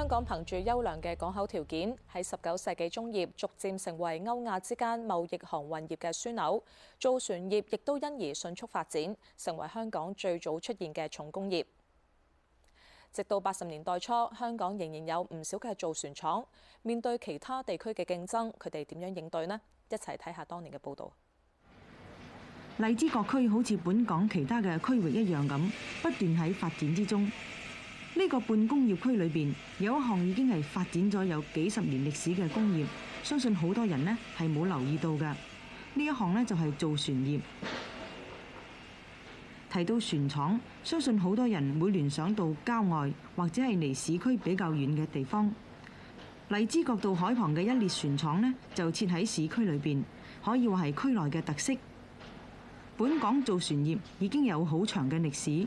香港憑住優良嘅港口條件，喺十九世紀中葉逐漸成為歐亞之間貿易航運業嘅樞紐，造船業亦都因而迅速發展，成為香港最早出現嘅重工業。直到八十年代初，香港仍然有唔少嘅造船廠，面對其他地區嘅競爭，佢哋點樣應對呢？一齊睇下當年嘅報導。荔枝角區好似本港其他嘅區域一樣噉，不斷喺發展之中。呢個半工業區裏邊有一項已經係發展咗有幾十年歷史嘅工業，相信好多人呢係冇留意到㗎。呢一行呢就係造船業。提到船廠，相信好多人會聯想到郊外或者係離市區比較遠嘅地方。荔枝角道海旁嘅一列船廠呢就設喺市區裏邊，可以話係區內嘅特色。本港造船業已經有好長嘅歷史。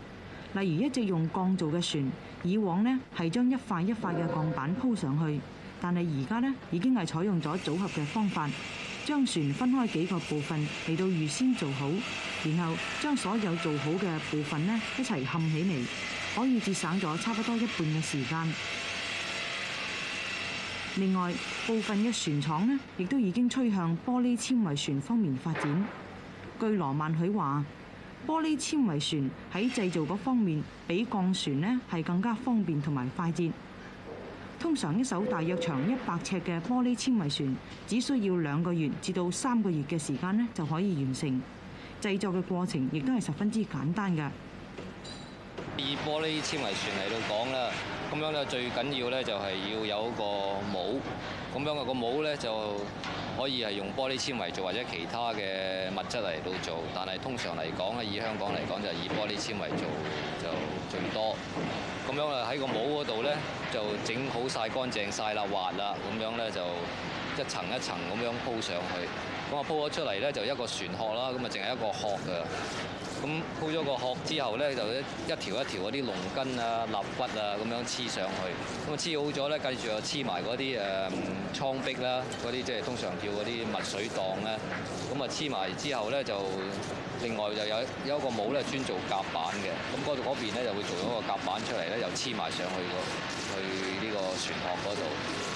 例如一隻用鋼做嘅船，以往呢係將一塊一塊嘅鋼板鋪上去，但係而家呢已經係採用咗組合嘅方法，將船分開幾個部分嚟到預先做好，然後將所有做好嘅部分呢一齊冚起嚟，可以節省咗差不多一半嘅時間。另外，部分嘅船廠呢亦都已經趨向玻璃纖維船方面發展。據羅曼許話。玻璃纖維船喺製造嗰方面，比鋼船呢係更加方便同埋快捷。通常一艘大約長一百尺嘅玻璃纖維船，只需要兩個月至到三個月嘅時間呢就可以完成。製作嘅過程亦都係十分之簡單嘅。以玻璃纖維船嚟到講啦。咁樣咧最緊要咧就係要有個帽，咁樣個帽咧就可以係用玻璃纖維做或者其他嘅物質嚟到做，但係通常嚟講咧，以香港嚟講就以玻璃纖維做就最多。咁樣啊喺個帽嗰度咧就整好晒、乾淨晒啦、滑啦，咁樣咧就一層一層咁樣鋪上去。咁啊鋪咗出嚟咧，就一個船殼啦，咁啊淨係一個殼嘅。咁鋪咗個殼之後咧，就一條一條一條啲龍筋啊、肋骨啊咁樣黐上去。咁啊黐好咗咧，跟住又黐埋啲誒倉壁啦，啲即係通常叫啲密水檔咧。咁啊黐埋之後咧，就另外就有有一個帽咧專做夾板嘅。咁度邊咧就會做咗個夾板出嚟咧，又黐埋上去，去、這個去呢個。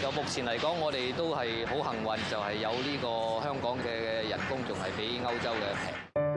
就目前嚟講，我哋都係好幸運，就係有呢個香港嘅人工仲係比歐洲嘅平。